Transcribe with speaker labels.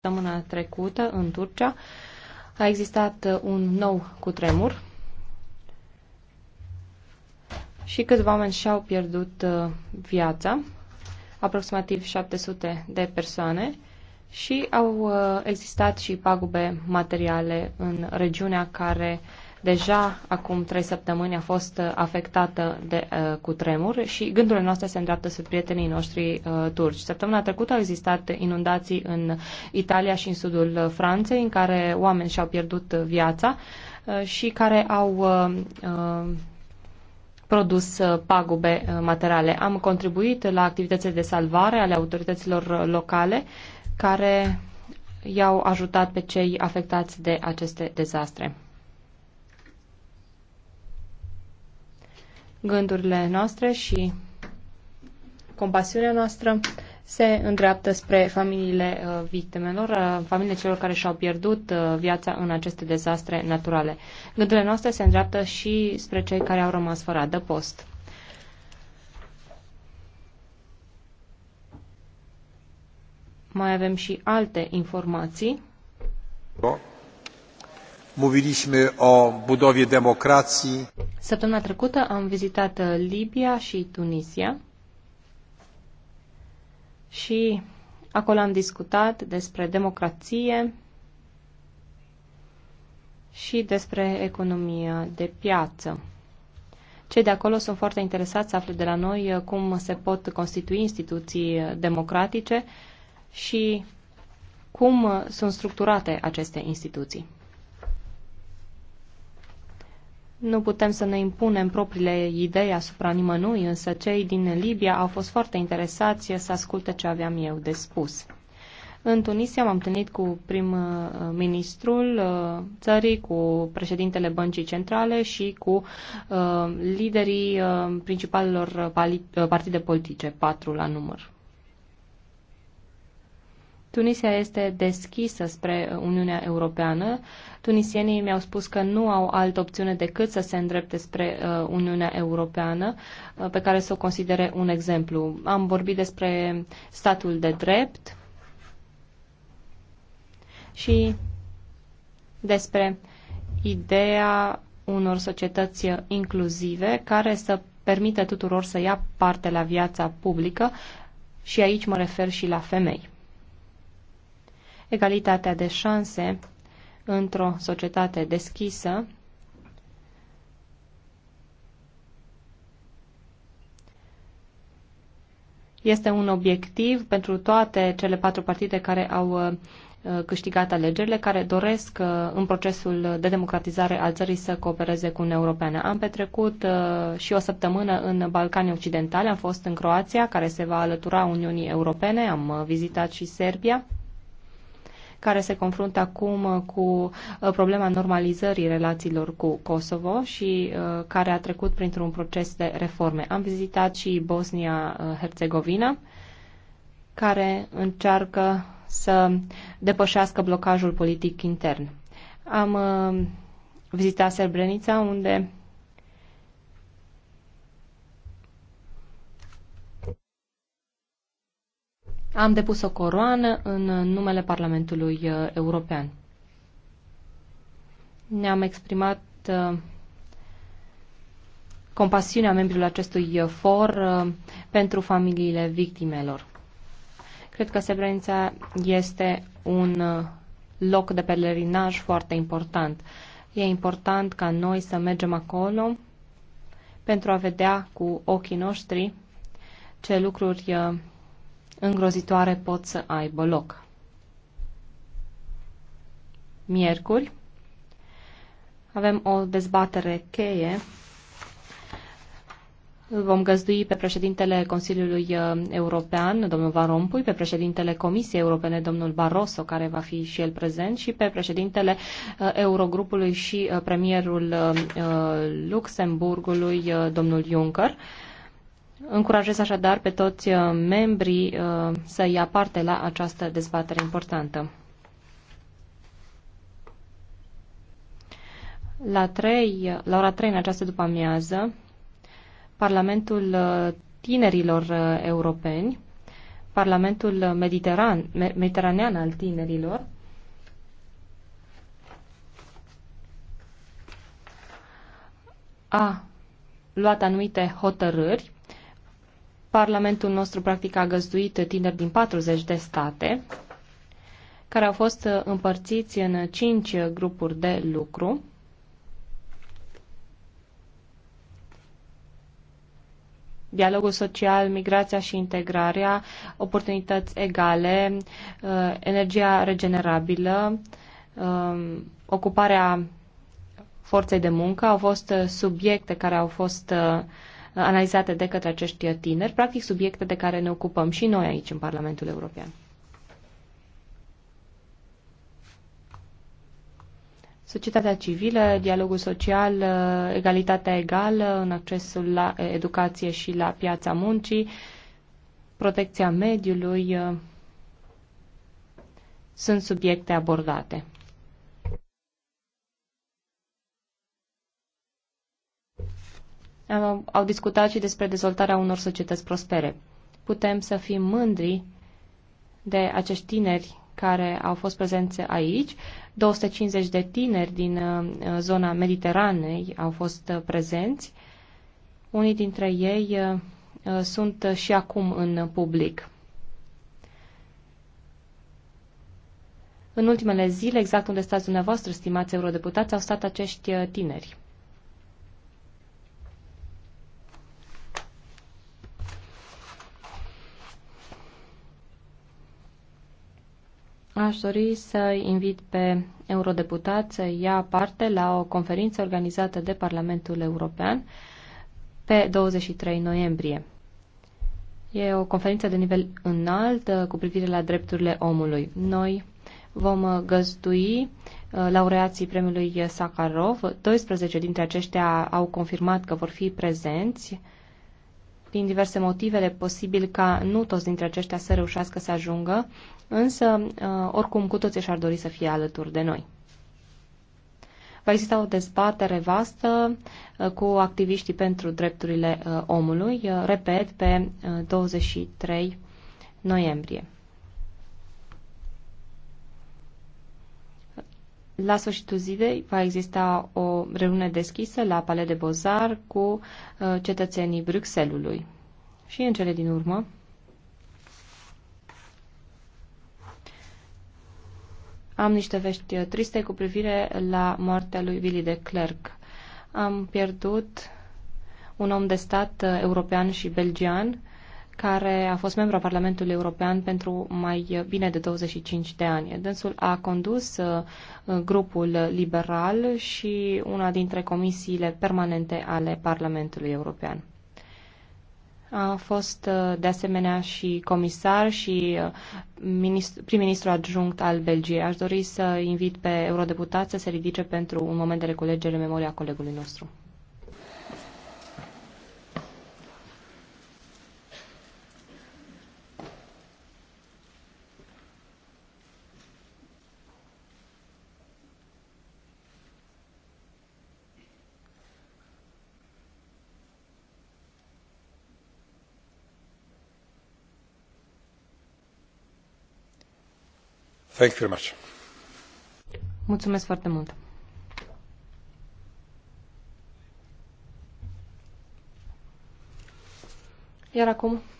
Speaker 1: săptămâna trecută în Turcia a existat uh, un nou cutremur și câțiva oameni și-au pierdut uh, viața, aproximativ 700 de persoane și au uh, existat și pagube materiale în regiunea care deja acum trei săptămâni a fost uh, afectată de uh, tremur și gândurile noastre se îndreaptă spre prietenii noștri uh, turci. Săptămâna trecută au existat inundații în Italia și în sudul uh, Franței în care oameni și-au pierdut uh, viața uh, și care au uh, uh, produs pagube materiale. Am contribuit la activitățile de salvare ale autorităților locale care i-au ajutat pe cei afectați de aceste dezastre. gândurile noastre și compasiunea noastră se îndreaptă spre familiile uh, victimelor, uh, familiile celor care și-au pierdut uh, viața în aceste dezastre naturale. Gândurile noastre se îndreaptă și spre cei care au rămas fără adăpost. Mai avem și alte informații. Bon. Săptămâna trecută am vizitat uh, Libia și Tunisia și acolo am discutat despre democrație și despre economia de piață. Cei de acolo sunt foarte interesați să afle de la noi uh, cum se pot constitui instituții uh, democratice și cum sunt structurate aceste instituții. Nu putem să ne impunem propriile idei asupra nimănui, însă cei din Libia au fost foarte interesați să asculte ce aveam eu de spus. În Tunisia m-am întâlnit cu prim-ministrul uh, uh, țării, cu președintele Băncii Centrale și cu uh, liderii principalelor partide politice, patru la număr. Tunisia este deschisă spre Uniunea Europeană. Tunisienii mi-au spus că nu au altă opțiune decât să se îndrepte spre uh, Uniunea Europeană, uh, pe care să o considere un exemplu. Am vorbit despre statul de drept și despre ideea unor societăți inclusive care să permită tuturor să ia parte la viața publică și aici mă refer și la femei egalitatea de șanse într-o societate deschisă este un obiectiv pentru toate cele patru partide care au uh, câștigat alegerile, care doresc uh, în procesul de democratizare al țării să coopereze cu Uniunea Europeană. Am petrecut uh, și o săptămână în Balcanii Occidentale, am fost în Croația, care se va alătura Uniunii Europene, am vizitat și Serbia care se confruntă acum cu uh, problema normalizării relațiilor cu Kosovo și uh, care a trecut printr-un proces de reforme. Am vizitat și Bosnia-Herzegovina, uh, care încearcă să depășească blocajul politic intern. Am vizitat Srebrenica, unde Am depus o coroană în numele Parlamentului uh, European. Ne-am exprimat uh, compasiunea membrilor acestui uh, for pentru familiile victimelor. Cred că Srebrenica este un loc de pelerinaj foarte important. E important ca noi să mergem acolo pentru a vedea cu ochii noștri ce lucruri îngrozitoare pot să aibă loc. Miercuri avem o dezbatere cheie. Îl vom găzdui pe președintele Consiliului uh, European, domnul Van Rompuy, pe președintele Comisiei Europene, domnul Barroso, care va fi și el prezent, și pe președintele uh, Eurogrupului și uh, premierul Luxemburgului, domnul Juncker Încurajez așadar pe toți uh, membrii uh, să ia parte la această dezbatere importantă. La, trei, la ora 3 în această după-amiază, Parlamentul uh, Tinerilor Europeni, Parlamentul Mediteran, Mediteranean al Tinerilor, a luat anumite hotărâri Parlamentul nostru practic a găzduit tineri din 40 de state care au fost împărțiți în 5 grupuri de lucru. Dialogul social, migrația și integrarea, oportunități egale, uh, energia regenerabilă, um, ocuparea forței de muncă au fost subiecte care au fost uh, analizate de către acești tineri, practic subiecte de care ne ocupăm și noi aici în Parlamentul European. Societatea civilă, dialogul social, egalitatea egală în accesul la educație și la piața muncii, protecția mediului sunt subiecte abordate. Uh, au discutat și despre dezvoltarea unor societăți prospere. Putem să fim mândri de acești tineri care au fost prezenți aici. 250 de tineri din uh, zona Mediteranei au fost uh, prezenți. Unii dintre ei sunt și acum în public. În ultimele zile, exact unde stați dumneavoastră, stimați eurodeputați, au stat acești tineri. Aș dori să invit pe eurodeputat să ia parte la o conferință organizată de Parlamentul European pe 23 noiembrie. E o conferință de nivel înalt uh, cu privire la drepturile omului. Noi vom uh, găzdui uh, laureații premiului Sakharov. 12 dintre aceștia au confirmat că vor fi prezenți din diverse motive, e posibil ca nu toți dintre aceștia să reușească să ajungă, însă, uh, oricum, cu toții și-ar dori să fie alături de noi. Va exista o dezbatere vastă uh, cu activiștii pentru drepturile uh, omului, repet, pe 23 noiembrie. La sfârșitul zilei va exista o reuniune deschisă la Palais de Bozar cu uh, cetățenii Bruxelului. Și în cele din urmă, am niște vești triste cu privire la moartea lui Willy de Clerc. Am pierdut un om de stat uh, european și belgian care a fost membru a Parlamentului European pentru mai bine de 25 de ani. Dânsul a condus uh, grupul liberal și una dintre comisiile permanente ale Parlamentului European. A fost uh, de asemenea și comisar și uh, prim-ministru adjunct al Belgiei. Aș dori să invit pe eurodeputat să se ridice pentru un moment de reculegere în memoria colegului nostru. Thank you very much. Mulțumesc foarte mult. Iar acum